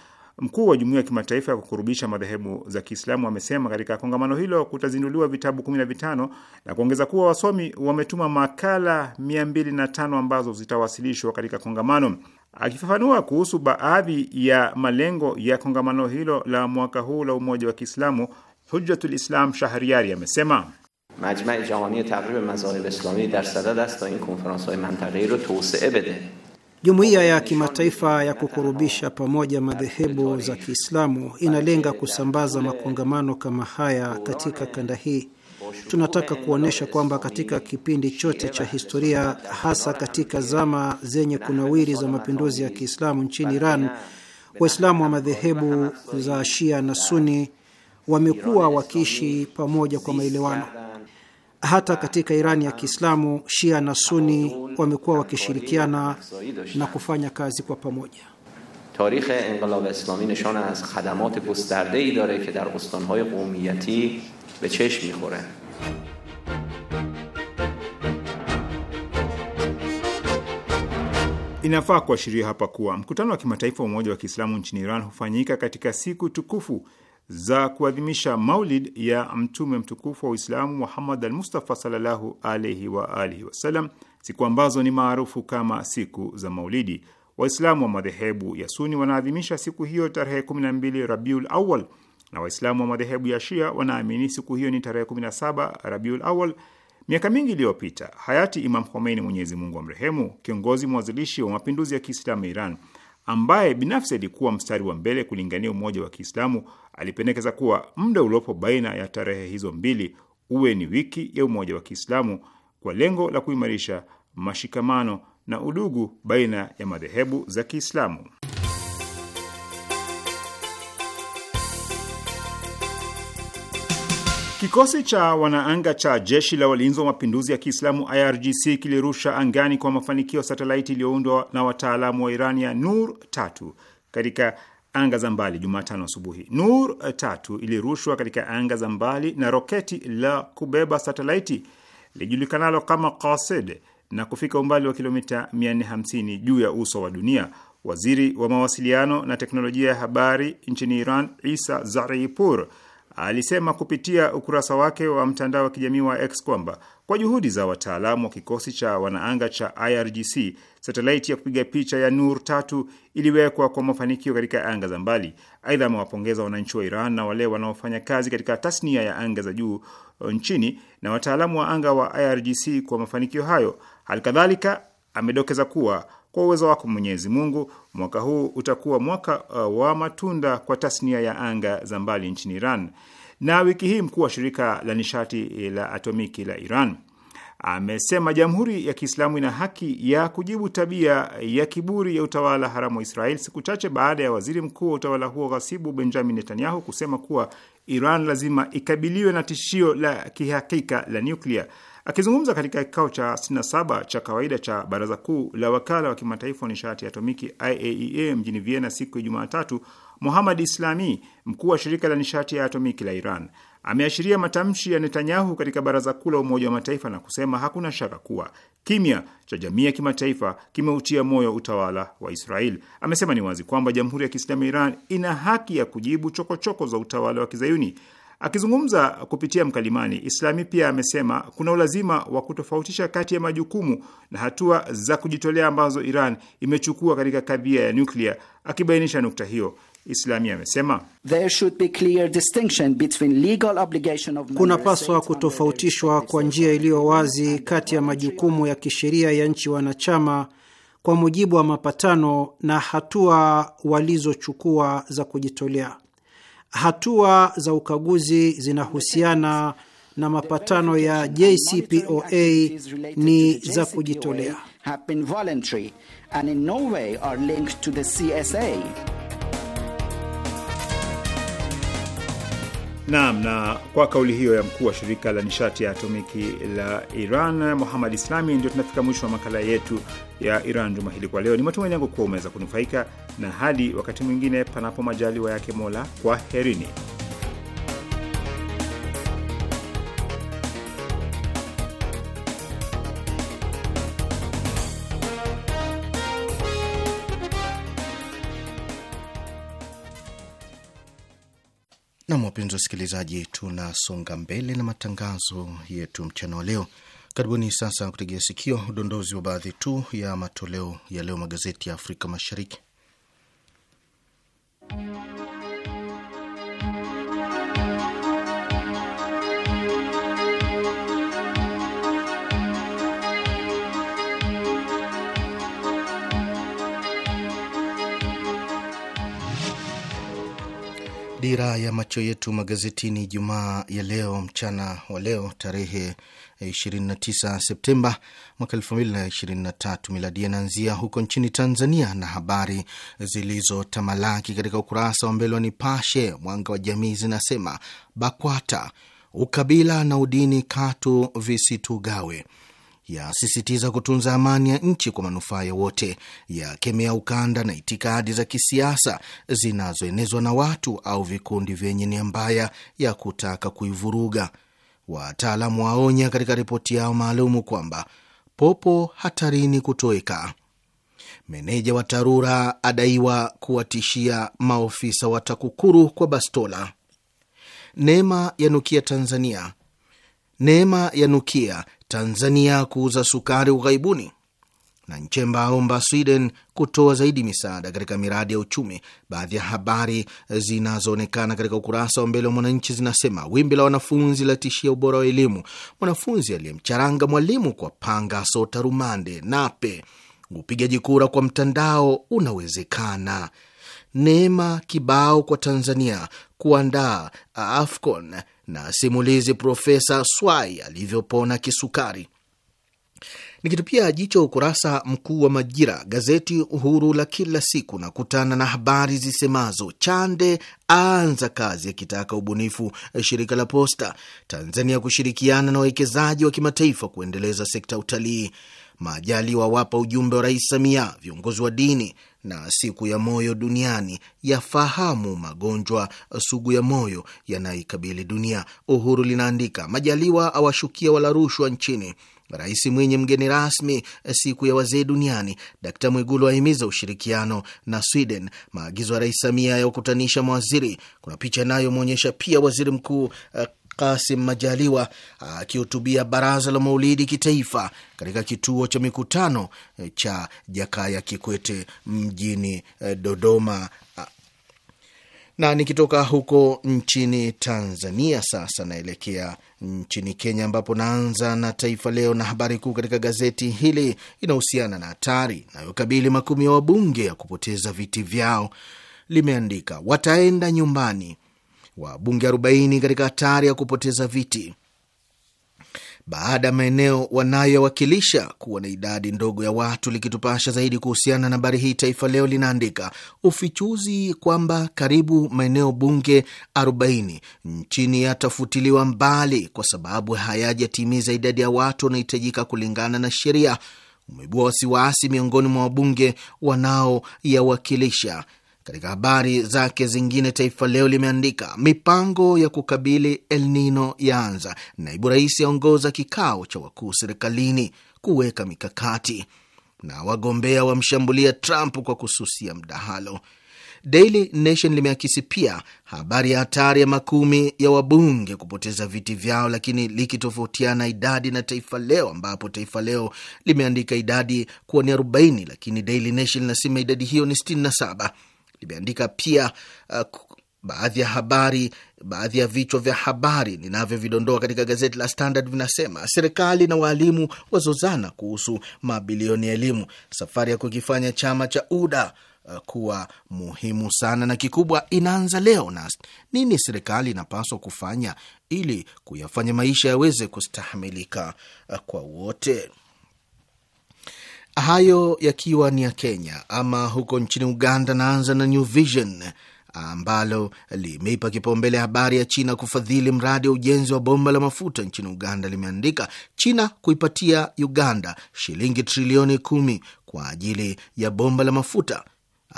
[SPEAKER 1] Mkuu wa jumuiya ya kimataifa ya kukurubisha madhehebu za Kiislamu amesema katika kongamano hilo kutazinduliwa vitabu kumi na vitano na kuongeza kuwa wasomi wametuma makala mia mbili na tano ambazo zitawasilishwa katika kongamano. Akifafanua kuhusu baadhi ya malengo ya kongamano hilo la mwaka huu la umoja wa Kiislamu, Hujjatul Islam Shahriari amesema majma jahani tahrib mazahib islami dar sadad ast ta in konferanshay mantaqei ro tawsee bede
[SPEAKER 4] Jumuiya ya kimataifa ya kukurubisha pamoja madhehebu za Kiislamu inalenga kusambaza makongamano kama haya katika kanda hii. Tunataka kuonyesha kwamba katika kipindi chote cha historia, hasa katika zama zenye kunawiri za mapinduzi ya Kiislamu nchini Iran, Waislamu wa madhehebu za Shia na Suni wamekuwa wakiishi pamoja kwa maelewano. Hata katika Irani ya Kiislamu, Shia na Suni wamekuwa wakishirikiana na kufanya kazi kwa pamoja.
[SPEAKER 5] tarikh inqilab
[SPEAKER 4] islami nishan az khadamat gustardei dare ke dar ustanhay qomiyati be cheshm
[SPEAKER 1] mikhore Inafaa kuashiria hapa kuwa mkutano wa kimataifa wa Umoja wa Kiislamu nchini Iran hufanyika katika siku tukufu za kuadhimisha maulid ya mtume mtukufu wa Uislamu Muhammad al Mustafa sallallahu alaihi wa alihi wasallam, siku ambazo ni maarufu kama siku za Maulidi. Waislamu wa madhehebu ya Suni wanaadhimisha siku hiyo tarehe 12 Rabiul Awal, na Waislamu wa madhehebu ya Shia wanaamini siku hiyo ni tarehe 17 Rabiul Awal. Miaka mingi iliyopita hayati Imam Khomeini, Mwenyezi Mungu amrehemu, kiongozi mwanzilishi wa mapinduzi ya Kiislamu Iran ambaye binafsi alikuwa mstari wa mbele kulingania umoja wa Kiislamu alipendekeza kuwa muda uliopo baina ya tarehe hizo mbili uwe ni wiki ya umoja wa Kiislamu kwa lengo la kuimarisha mashikamano na udugu baina ya madhehebu za Kiislamu. Kikosi cha wanaanga cha jeshi la walinzi wa mapinduzi ya Kiislamu IRGC kilirusha angani kwa mafanikio satelaiti iliyoundwa na wataalamu wa Irani ya Nur tatu katika anga za mbali Jumatano asubuhi. Nur tatu ilirushwa katika anga za mbali na roketi la kubeba satelaiti lijulikanalo kama Kased na kufika umbali wa kilomita 450 juu ya uso wa dunia. Waziri wa mawasiliano na teknolojia ya habari nchini Iran Isa Zaripur alisema kupitia ukurasa wake wa mtandao wa kijamii wa X kwamba kwa juhudi za wataalamu wa kikosi cha wanaanga cha IRGC, satelaiti ya kupiga picha ya Nur tatu iliwekwa kwa mafanikio katika anga za mbali. Aidha, amewapongeza wananchi wa Iran na wale wanaofanya kazi katika tasnia ya anga za juu uh, nchini na wataalamu wa anga wa IRGC kwa mafanikio hayo. Halikadhalika amedokeza kuwa kwa uwezo wako Mwenyezi Mungu, mwaka huu utakuwa mwaka uh, wa matunda kwa tasnia ya anga za mbali nchini Iran. Na wiki hii mkuu wa shirika la nishati eh, la atomiki la Iran amesema Jamhuri ya Kiislamu ina haki ya kujibu tabia ya kiburi ya utawala haramu wa Israel, siku chache baada ya waziri mkuu wa utawala huo ghasibu Benjamin Netanyahu kusema kuwa Iran lazima ikabiliwe na tishio la kihakika la nyuklia. Akizungumza katika kikao cha 67 cha kawaida cha baraza kuu la wakala wa kimataifa wa nishati ya atomiki IAEA e mjini Vienna siku ya Jumatatu, Muhamad Islami, mkuu wa shirika la nishati ya atomiki la Iran, ameashiria matamshi ya Netanyahu katika baraza kuu la Umoja wa Mataifa na kusema hakuna shaka kuwa kimya cha jamii ya kimataifa kimeutia moyo utawala wa Israel. Amesema ni wazi kwamba Jamhuri ya Kiislamu ya Iran ina haki ya kujibu chokochoko choko za utawala wa kizayuni Akizungumza kupitia mkalimani, Islami pia amesema kuna ulazima wa kutofautisha kati ya majukumu na hatua za kujitolea ambazo Iran imechukua katika kadhia ya nuklia Akibainisha nukta hiyo Islami amesema
[SPEAKER 4] kunapaswa kutofautishwa kwa njia iliyo wazi kati ya majukumu ya kisheria ya nchi wanachama kwa mujibu wa mapatano na hatua walizochukua za kujitolea. Hatua za ukaguzi zinahusiana na mapatano ya JCPOA ni za kujitolea.
[SPEAKER 1] Naam, na kwa kauli hiyo ya mkuu wa shirika la nishati ya atomiki la Iran Muhammad Islami, ndio tunafika mwisho wa makala yetu ya Iran juma hili kwa leo. Ni matumaini yangu kuwa umeweza kunufaika, na hadi wakati mwingine, panapo majaliwa yake Mola, herini
[SPEAKER 3] Nam, wapenzi wasikilizaji, tunasonga mbele na matangazo yetu mchana wa leo. Karibuni sasa kutegea sikio udondozi wa baadhi tu ya matoleo ya leo magazeti ya Afrika Mashariki. Dira ya macho yetu magazetini Jumaa ya leo mchana wa leo tarehe 29 Septemba mwaka 2023 miladi yanaanzia huko nchini Tanzania, na habari zilizotamalaki katika ukurasa wa mbele wa Nipashe Mwanga wa Jamii zinasema BAKWATA ukabila na udini katu visitugawe yasisitiza kutunza amani ya nchi kwa manufaa ya wote, yakemea ukanda na itikadi za kisiasa zinazoenezwa na watu au vikundi vyenye nia mbaya ya kutaka kuivuruga. Wataalamu waonya katika ripoti yao maalumu kwamba popo hatarini kutoweka. Meneja wa TARURA adaiwa kuwatishia maofisa wa TAKUKURU kwa bastola. Neema yanukia Tanzania Neema nukia Tanzania kuuza sukari ughaibuni, na Nchemba aomba Sweden kutoa zaidi misaada katika miradi ya uchumi. Baadhi ya habari zinazoonekana katika ukurasa wa mbele wa Mwananchi zinasema wimbi la wanafunzi latishia ubora wa elimu, mwanafunzi aliyemcharanga mwalimu kwa panga sota rumande. Nape, upigaji kura kwa mtandao unawezekana. Neema kibao kwa Tanzania kuandaa AFCON na simulizi Profesa Swai alivyopona kisukari. Nikitupia jicho ukurasa mkuu wa Majira, gazeti uhuru la kila siku, na kutana na habari zisemazo Chande aanza kazi akitaka ubunifu, eh, shirika la posta Tanzania kushirikiana na wawekezaji wa kimataifa kuendeleza sekta utalii, Majali wawapa ujumbe wa Rais Samia, viongozi wa dini na siku ya moyo duniani yafahamu magonjwa sugu ya moyo yanayoikabili dunia. Uhuru linaandika Majaliwa awashukia wala rushwa nchini. Rais Mwinyi mgeni rasmi siku ya wazee duniani. Dkt Mwigulu ahimiza ushirikiano na Sweden. Maagizo ya Rais Samia ya kukutanisha mawaziri. Kuna picha inayomwonyesha pia waziri mkuu eh, Kasim Majaliwa akihutubia baraza la maulidi kitaifa katika kituo cha mikutano cha Jakaya Kikwete mjini eh, Dodoma. Na nikitoka huko nchini Tanzania, sasa naelekea nchini Kenya, ambapo naanza na Taifa Leo na habari kuu katika gazeti hili inahusiana na hatari inayokabili makumi ya wabunge ya kupoteza viti vyao. Limeandika wataenda nyumbani wabunge 40 katika hatari ya kupoteza viti baada ya maeneo wanayowakilisha kuwa na idadi ndogo ya watu. Likitupasha zaidi kuhusiana na habari hii, Taifa Leo linaandika ufichuzi kwamba karibu maeneo bunge 40 nchini yatafutiliwa mbali kwa sababu hayajatimiza idadi ya watu wanahitajika kulingana na sheria umeibua wasiwasi miongoni mwa wabunge wanaoyawakilisha katika habari zake zingine, Taifa Leo limeandika mipango ya kukabili El Nino yaanza, naibu rais aongoza kikao cha wakuu serikalini kuweka mikakati, na wagombea wamshambulia Trump kwa kususia mdahalo. Daily Nation limeakisi pia habari ya hatari ya makumi ya wabunge kupoteza viti vyao, lakini likitofautiana idadi na Taifa Leo, ambapo Taifa Leo limeandika idadi kuwa ni 40 lakini Daily Nation linasema idadi hiyo ni 67 limeandika pia uh, baadhi ya habari, baadhi ya vichwa vya habari ninavyovidondoa katika gazeti la Standard vinasema: serikali na waalimu wazozana kuhusu mabilioni ya elimu, safari ya kukifanya chama cha UDA uh, kuwa muhimu sana na kikubwa inaanza leo. Na nini serikali inapaswa kufanya ili kuyafanya maisha yaweze kustahamilika uh, kwa wote? Hayo yakiwa ni ya Kenya. Ama huko nchini Uganda, naanza na New Vision ambalo limeipa kipaumbele habari ya China kufadhili mradi wa ujenzi wa bomba la mafuta nchini Uganda. Limeandika China kuipatia Uganda shilingi trilioni kumi kwa ajili ya bomba la mafuta.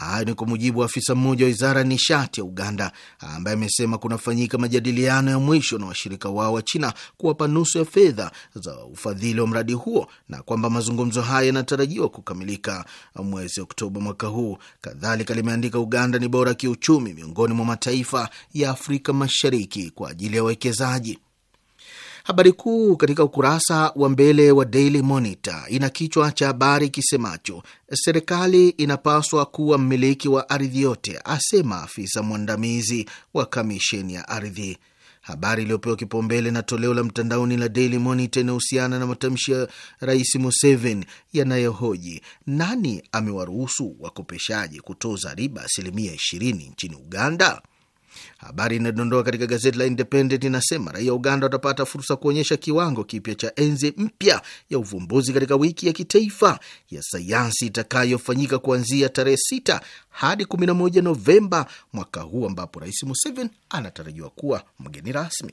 [SPEAKER 3] Hayo ni kwa mujibu wa afisa mmoja wa wizara ya nishati ya Uganda ambaye amesema kunafanyika majadiliano ya mwisho na washirika wao wa China kuwapa nusu ya fedha za ufadhili wa mradi huo na kwamba mazungumzo haya yanatarajiwa kukamilika mwezi Oktoba mwaka huu. Kadhalika limeandika Uganda ni bora kiuchumi miongoni mwa mataifa ya Afrika Mashariki kwa ajili ya wawekezaji. Habari kuu katika ukurasa wa mbele wa Daily Monitor ina kichwa cha habari kisemacho serikali inapaswa kuwa mmiliki wa ardhi yote, asema afisa mwandamizi wa kamisheni ya ardhi. Habari iliyopewa kipaumbele na toleo la mtandaoni la Daily Monitor inahusiana na matamshi ya Rais Museveni yanayohoji nani amewaruhusu wakopeshaji kutoza riba asilimia 20 nchini Uganda. Habari inayodondoa katika gazeti la Independent inasema raia wa Uganda watapata fursa kuonyesha kiwango kipya cha enzi mpya ya uvumbuzi katika wiki ya kitaifa ya sayansi itakayofanyika kuanzia tarehe 6 hadi 11 Novemba mwaka huu ambapo Rais Museveni anatarajiwa kuwa mgeni rasmi.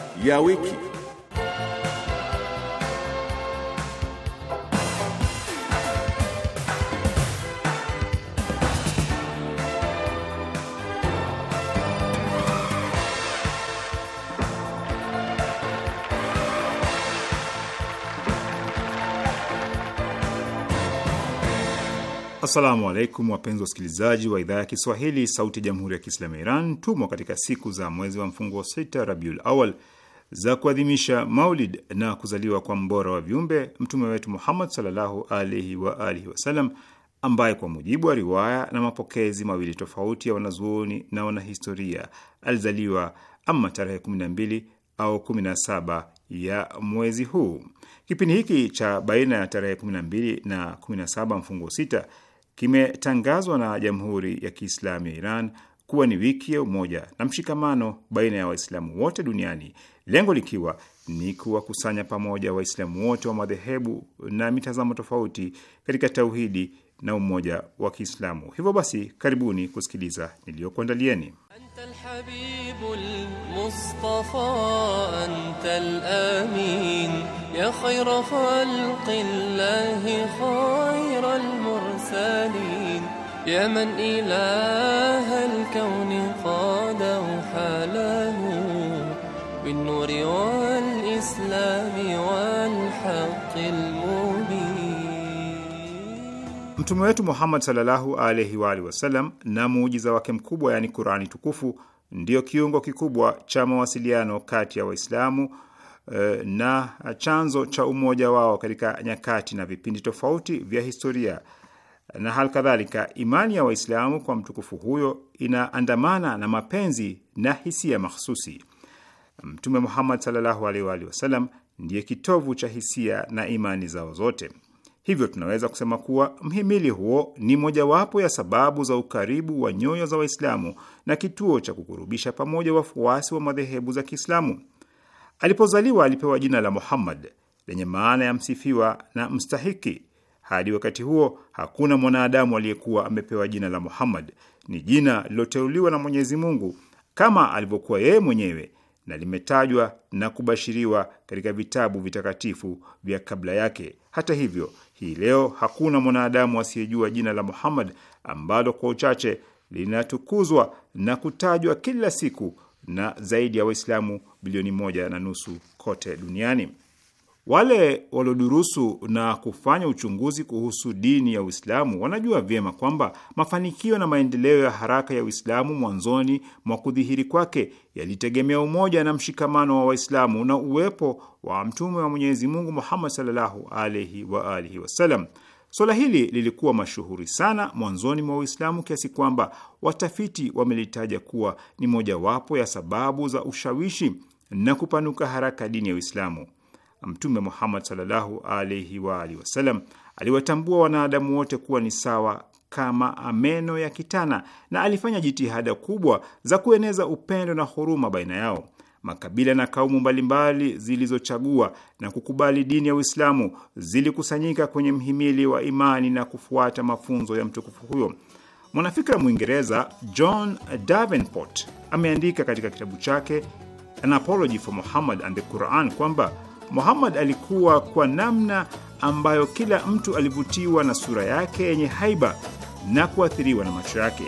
[SPEAKER 3] ya wiki.
[SPEAKER 1] Assalamu alaikum wapenzi wasikilizaji wa idhaa ya Kiswahili, sauti ya jamhuri ya kiislamu ya Iran. Tumwa katika siku za mwezi wa mfungo wa sita Rabiul Awal za kuadhimisha Maulid na kuzaliwa kwa mbora wa viumbe mtume wetu Muhammad sallallahu alaihi wa alihi wasallam, ambaye kwa mujibu wa riwaya na mapokezi mawili tofauti ya wanazuoni na wanahistoria alizaliwa ama tarehe 12 au 17 ya mwezi huu. Kipindi hiki cha baina ya tarehe 12 na 17 mfungo sita kimetangazwa na Jamhuri ya Kiislamu ya Iran kuwa ni wiki ya umoja na mshikamano baina ya Waislamu wote duniani lengo likiwa ni kuwakusanya pamoja Waislamu wote wa madhehebu na mitazamo tofauti katika tauhidi na umoja wa Kiislamu. Hivyo basi, karibuni kusikiliza niliyokuandalieni.
[SPEAKER 2] بالنور والإسلام والحق المبين.
[SPEAKER 1] Mtume wetu Muhammad sallallahu alaihi wa alihi wasallam na muujiza wake mkubwa, yaani Qurani tukufu ndiyo kiungo kikubwa cha mawasiliano kati ya Waislamu eh, na chanzo cha umoja wao katika nyakati na vipindi tofauti vya historia. Na hal kadhalika, imani ya Waislamu kwa mtukufu huyo inaandamana na mapenzi na hisia mahsusi. Mtume Muhammad sallallahu alaihi wa alihi wasallam ndiye kitovu cha hisia na imani zao zote. Hivyo tunaweza kusema kuwa mhimili huo ni mojawapo ya sababu za ukaribu wa nyoyo za Waislamu na kituo cha kukurubisha pamoja wafuasi wa madhehebu za Kiislamu. Alipozaliwa alipewa jina la Muhammad lenye maana ya msifiwa na mstahiki. Hadi wakati huo hakuna mwanadamu aliyekuwa amepewa jina la Muhammad. Ni jina liloteuliwa na Mwenyezi Mungu kama alivyokuwa yeye mwenyewe na limetajwa na kubashiriwa katika vitabu vitakatifu vya kabla yake. Hata hivyo, hii leo hakuna mwanadamu asiyejua jina la Muhammad ambalo kwa uchache linatukuzwa na kutajwa kila siku na zaidi ya Waislamu bilioni moja na nusu kote duniani. Wale waliodurusu na kufanya uchunguzi kuhusu dini ya Uislamu wanajua vyema kwamba mafanikio na maendeleo ya haraka ya Uislamu mwanzoni mwa kudhihiri kwake yalitegemea umoja na mshikamano wa Waislamu na uwepo wa mtume wa Mwenyezi Mungu Muhammad sallallahu alaihi wa alihi wasallam. Suala hili lilikuwa mashuhuri sana mwanzoni mwa Uislamu kiasi kwamba watafiti wamelitaja kuwa ni mojawapo ya sababu za ushawishi na kupanuka haraka dini ya Uislamu. Mtume Muhammad sallallahu alaihi wa alihi wasallam aliwatambua wanadamu wote kuwa ni sawa kama meno ya kitana na alifanya jitihada kubwa za kueneza upendo na huruma baina yao. Makabila na kaumu mbalimbali zilizochagua na kukubali dini ya Uislamu zilikusanyika kwenye mhimili wa imani na kufuata mafunzo ya mtukufu huyo. Mwanafikra Mwingereza John Davenport ameandika katika kitabu chake An Apology for Muhammad and the Quran kwamba Muhammad alikuwa kwa namna ambayo kila mtu alivutiwa na sura yake yenye haiba na kuathiriwa na macho yake.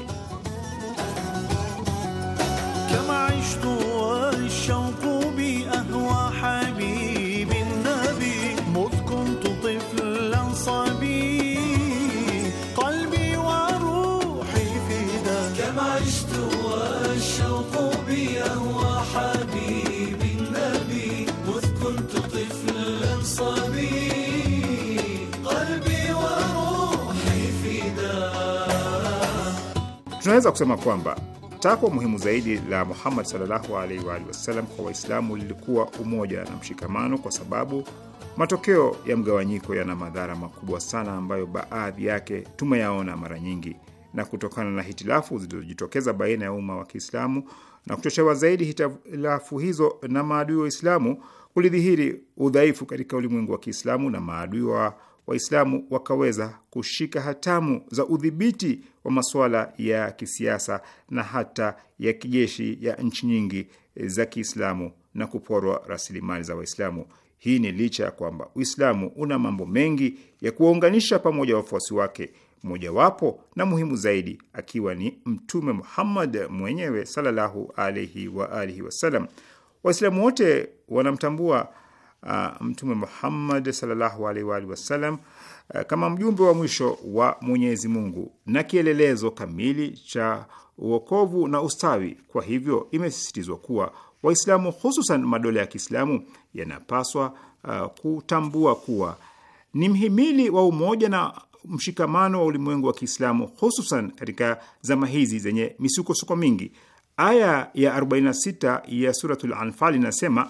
[SPEAKER 1] tunaweza kusema kwamba takwa muhimu zaidi la Muhammad sallallahu alaihi wa alihi wasallam kwa Waislamu lilikuwa umoja na mshikamano, kwa sababu matokeo ya mgawanyiko yana madhara makubwa sana ambayo baadhi yake tumeyaona mara nyingi. Na kutokana na hitilafu zilizojitokeza baina ya umma wa Kiislamu na kuchochewa zaidi hitilafu hizo na maadui wa Uislamu, kulidhihiri udhaifu katika ulimwengu wa Kiislamu na maadui wa Waislamu wakaweza kushika hatamu za udhibiti wa masuala ya kisiasa na hata ya kijeshi ya nchi nyingi eh, za Kiislamu na kuporwa rasilimali za Waislamu. Hii ni licha ya kwamba Uislamu una mambo mengi ya kuwaunganisha pamoja wafuasi wake, mojawapo na muhimu zaidi akiwa ni Mtume Muhammad mwenyewe sallallahu alaihi wa alihi wasallam. Waislamu wote wanamtambua uh, Mtume Muhammad sallallahu alaihi wa alihi wasallam Eh, kama mjumbe wa mwisho wa Mwenyezi Mungu na kielelezo kamili cha uokovu na ustawi. Kwa hivyo, imesisitizwa kuwa Waislamu, hususan madola ya Kiislamu, yanapaswa uh, kutambua kuwa ni mhimili wa umoja na mshikamano wa ulimwengu wa Kiislamu, hususan katika zama hizi zenye misukosuko mingi. Aya ya 46 ya Suratul Anfal inasema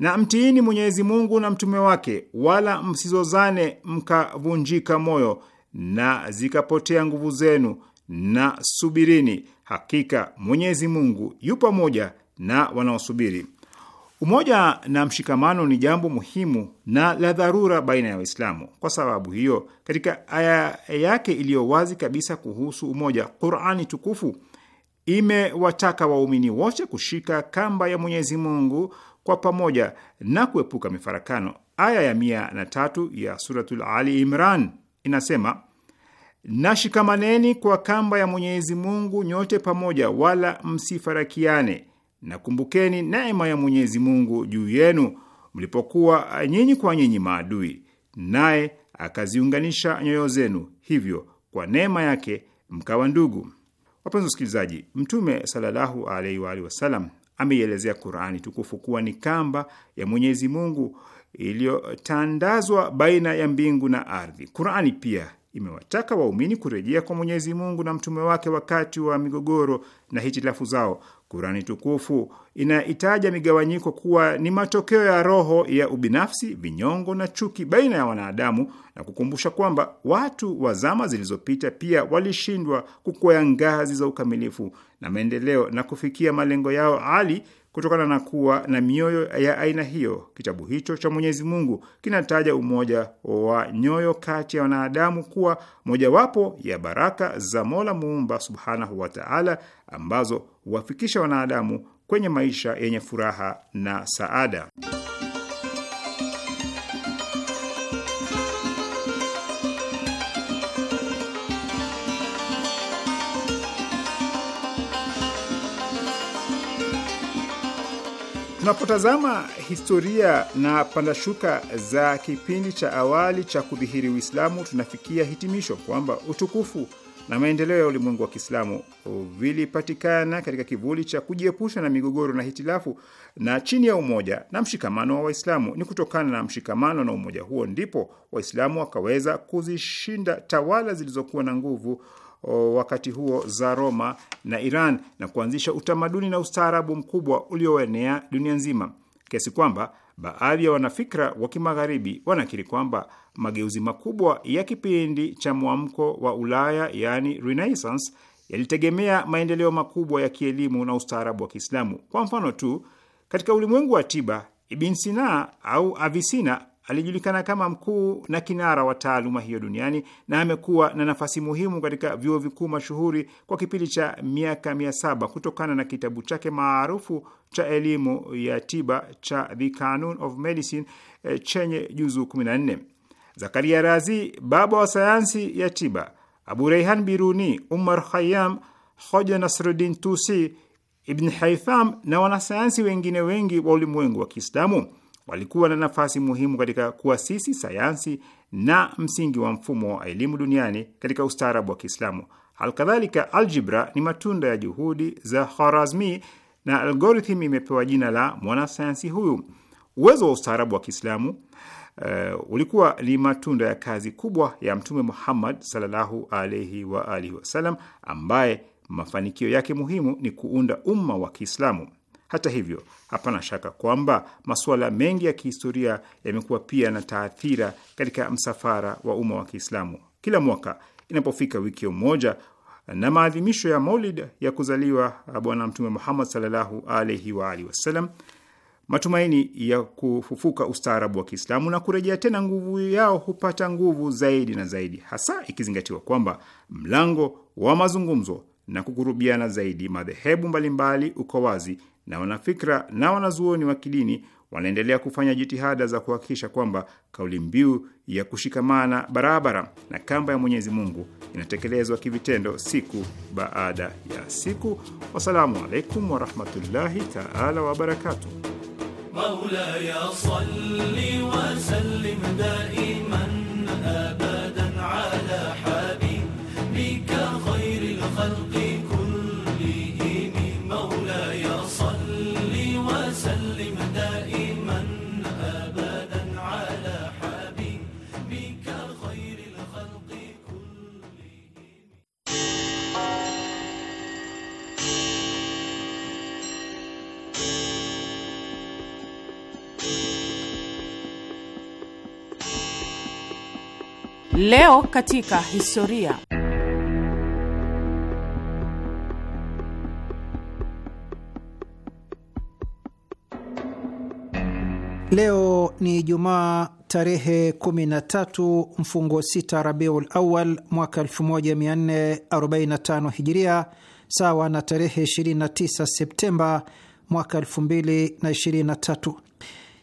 [SPEAKER 1] na mtiini Mwenyezi Mungu na mtume wake, wala msizozane mkavunjika moyo na zikapotea nguvu zenu, na subirini, hakika Mwenyezi Mungu yu pamoja na wanaosubiri. Umoja na mshikamano ni jambo muhimu na la dharura baina ya Waislamu. Kwa sababu hiyo, katika aya yake iliyo wazi kabisa kuhusu umoja, Qurani tukufu imewataka waumini wote kushika kamba ya Mwenyezi Mungu kwa pamoja na kuepuka mifarakano. Aya ya mia na tatu ya Suratul Ali Imran inasema nashikamaneni kwa kamba ya Mwenyezi Mungu nyote pamoja, wala msifarakiane, na kumbukeni neema ya Mwenyezi Mungu juu yenu mlipokuwa nyinyi kwa nyinyi maadui, naye akaziunganisha nyoyo zenu, hivyo kwa neema yake mkawa ndugu. Wapenzi wasikilizaji, Mtume sallallahu alaihi wa alihi wasallam ameielezea Qurani tukufu kuwa ni kamba ya Mwenyezi Mungu iliyotandazwa baina ya mbingu na ardhi. Qurani pia imewataka waumini kurejea kwa Mwenyezi Mungu na mtume wake wakati wa migogoro na hitilafu zao. Kurani tukufu inaitaja migawanyiko kuwa ni matokeo ya roho ya ubinafsi, vinyongo na chuki baina ya wanadamu na kukumbusha kwamba watu wa zama zilizopita pia walishindwa kukwea ngazi za ukamilifu na maendeleo na kufikia malengo yao ali kutokana na kuwa na mioyo ya aina hiyo. Kitabu hicho cha Mwenyezi Mungu kinataja umoja wa nyoyo kati ya wanadamu kuwa mojawapo ya baraka za Mola Muumba subhanahu wa taala, ambazo huwafikisha wanadamu kwenye maisha yenye furaha na saada. Tunapotazama historia na pandashuka za kipindi cha awali cha kudhihiri Uislamu, tunafikia hitimisho kwamba utukufu na maendeleo ya ulimwengu wa Kiislamu vilipatikana katika kivuli cha kujiepusha na migogoro na hitilafu na chini ya umoja na mshikamano wa Waislamu. Ni kutokana na mshikamano na umoja huo ndipo Waislamu wakaweza kuzishinda tawala zilizokuwa na nguvu wakati huo za Roma na Iran na kuanzisha utamaduni na ustaarabu mkubwa ulioenea dunia nzima kiasi kwamba baadhi ya wanafikra wa kimagharibi wanakiri kwamba mageuzi makubwa ya kipindi cha mwamko wa Ulaya yani Renaissance yalitegemea maendeleo makubwa ya kielimu na ustaarabu wa Kiislamu. Kwa mfano tu, katika ulimwengu wa tiba, Ibn Sina au Avicenna Alijulikana kama mkuu na kinara wa taaluma hiyo duniani na amekuwa na nafasi muhimu katika vyuo vikuu mashuhuri kwa kipindi cha miaka mia saba kutokana na kitabu chake maarufu cha elimu ya tiba cha The Canon of Medicine eh, chenye juzu 14. Zakaria Razi, baba wa sayansi ya tiba, Abu Reihan Biruni, Umar Khayam, Hoja Nasruddin Tusi, Ibn Haytham na wanasayansi wengine wengi wa ulimwengu wa Kiislamu walikuwa na nafasi muhimu katika kuasisi sayansi na msingi wa mfumo wa elimu duniani katika ustaarabu wa Kiislamu. Alkadhalika, aljibra ni matunda ya juhudi za Khwarazmi na algorithm imepewa jina la mwanasayansi huyu. Uwezo wa ustaarabu wa Kiislamu uh, ulikuwa ni matunda ya kazi kubwa ya Mtume Muhammad sallallahu alaihi wa alihi wasallam, ambaye mafanikio yake muhimu ni kuunda umma wa Kiislamu. Hata hivyo, hapana shaka kwamba masuala mengi ya kihistoria yamekuwa pia na taathira katika msafara wa umma wa Kiislamu. Kila mwaka inapofika wiki moja na maadhimisho ya Maulid ya kuzaliwa ah, Bwana Mtume Muhammad sallallahu alaihi wa alihi wasallam, matumaini ya kufufuka ustaarabu wa Kiislamu na kurejea tena nguvu yao hupata nguvu zaidi na zaidi, hasa ikizingatiwa kwamba mlango wa mazungumzo na kukurubiana zaidi madhehebu mbalimbali uko wazi na wanafikra na wanazuoni wa kidini wanaendelea kufanya jitihada za kuhakikisha kwamba kauli mbiu ya kushikamana barabara na kamba ya Mwenyezi Mungu inatekelezwa kivitendo siku baada ya siku. Wassalamu alaikum warahmatullahi taala wabarakatuh.
[SPEAKER 3] Leo katika historia.
[SPEAKER 4] Leo ni Jumaa tarehe 13 mfungo 6 Rabiul Awal mwaka 1445 Hijiria, sawa na tarehe 29 Septemba mwaka 2023.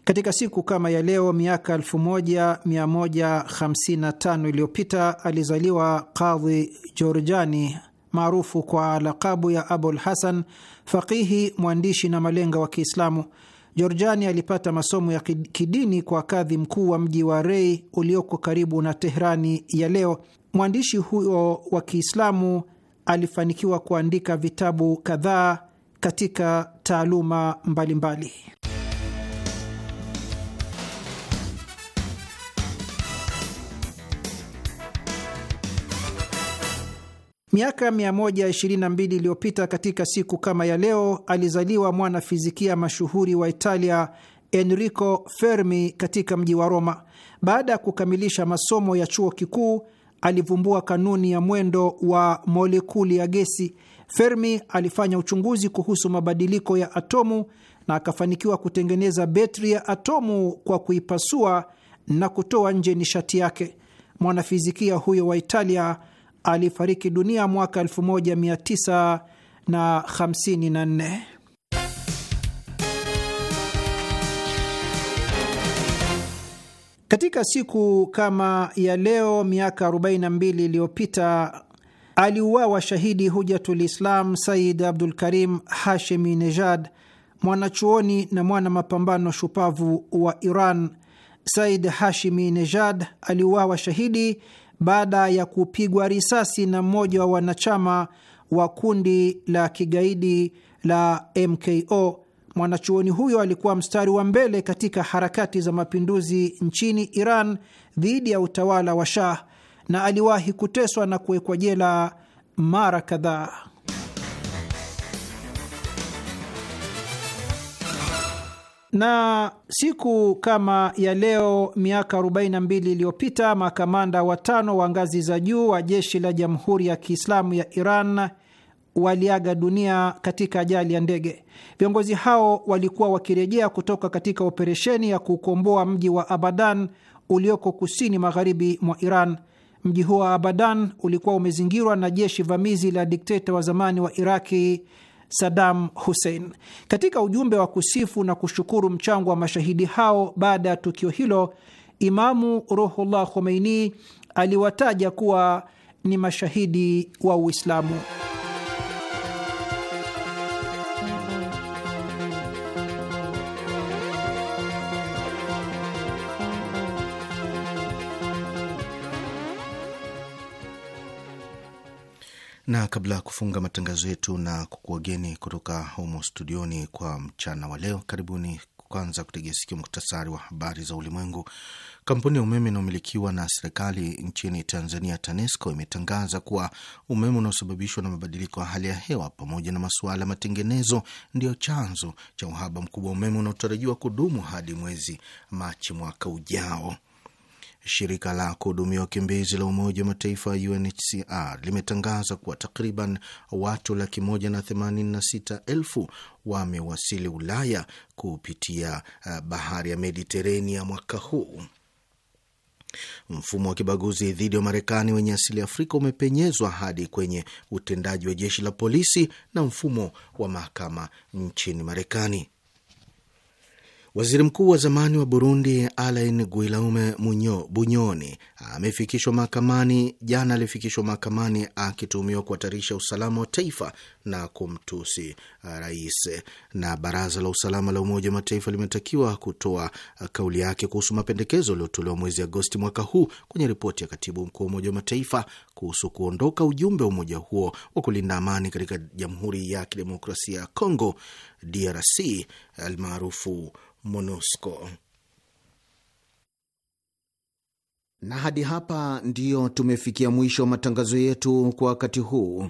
[SPEAKER 4] Katika siku kama ya leo miaka 1155 iliyopita alizaliwa Qadhi Jorjani maarufu kwa lakabu ya Abul Hasan, faqihi, mwandishi na malenga wa Kiislamu. Jorjani alipata masomo ya kidini kwa kadhi mkuu wa mji wa Rei ulioko karibu na Tehrani ya leo. Mwandishi huyo wa Kiislamu alifanikiwa kuandika vitabu kadhaa katika taaluma mbalimbali mbali. Miaka 122 iliyopita katika siku kama ya leo alizaliwa mwana fizikia mashuhuri wa Italia Enrico Fermi katika mji wa Roma. Baada ya kukamilisha masomo ya chuo kikuu, alivumbua kanuni ya mwendo wa molekuli ya gesi. Fermi alifanya uchunguzi kuhusu mabadiliko ya atomu na akafanikiwa kutengeneza betri ya atomu kwa kuipasua na kutoa nje nishati yake. Mwanafizikia huyo wa Italia alifariki dunia mwaka 1954. Katika siku kama ya leo miaka 42 iliyopita aliuawa shahidi Hujatul Islam Said Abdul Karim Hashemi Nejad, mwanachuoni na mwana mapambano shupavu wa Iran. Said Hashimi Nejad aliuawa shahidi baada ya kupigwa risasi na mmoja wa wanachama wa kundi la kigaidi la MKO. Mwanachuoni huyo alikuwa mstari wa mbele katika harakati za mapinduzi nchini Iran dhidi ya utawala wa Shah na aliwahi kuteswa na kuwekwa jela mara kadhaa. Na siku kama ya leo miaka 42 iliyopita makamanda watano wa ngazi za juu wa jeshi la Jamhuri ya Kiislamu ya Iran waliaga dunia katika ajali ya ndege. Viongozi hao walikuwa wakirejea kutoka katika operesheni ya kukomboa mji wa Abadan ulioko kusini magharibi mwa Iran. Mji huo wa Abadan ulikuwa umezingirwa na jeshi vamizi la dikteta wa zamani wa Iraki Saddam Hussein. Katika ujumbe wa kusifu na kushukuru mchango wa mashahidi hao baada ya tukio hilo, Imamu Ruhullah Khomeini aliwataja kuwa ni mashahidi wa Uislamu.
[SPEAKER 3] na kabla ya kufunga matangazo yetu na kukuageni kutoka humo studioni kwa mchana wa leo, karibuni kwanza kutegea sikio muktasari wa habari za ulimwengu. Kampuni ya umeme inayomilikiwa na serikali nchini Tanzania, TANESCO, imetangaza kuwa umeme unaosababishwa na mabadiliko ya hali ya hewa pamoja na masuala ya matengenezo ndiyo chanzo cha uhaba mkubwa wa umeme unaotarajiwa kudumu hadi mwezi Machi mwaka ujao. Shirika la kuhudumia wakimbizi la Umoja wa Mataifa UNHCR limetangaza kuwa takriban watu laki moja na themanini na sita elfu wamewasili Ulaya kupitia uh, bahari ya Mediterania mwaka huu. Mfumo wa kibaguzi dhidi ya Marekani wenye asili ya Afrika umepenyezwa hadi kwenye utendaji wa jeshi la polisi na mfumo wa mahakama nchini Marekani. Waziri mkuu wa zamani wa Burundi Alain Munyo Bunyoni amefikishwa mahakamani jana. Alifikishwa mahakamani akituhumiwa kuhatarisha usalama wa taifa na kumtusi uh, rais. Na baraza la usalama la Umoja wa Mataifa limetakiwa kutoa uh, kauli yake kuhusu mapendekezo yaliyotolewa mwezi Agosti mwaka huu kwenye ripoti ya katibu mkuu wa Umoja wa Mataifa kuhusu kuondoka ujumbe wa umoja huo wa kulinda amani katika Jamhuri ya Kidemokrasia ya Kongo, DRC, almaarufu MONUSCO. Na hadi hapa ndiyo tumefikia mwisho wa matangazo yetu kwa wakati huu.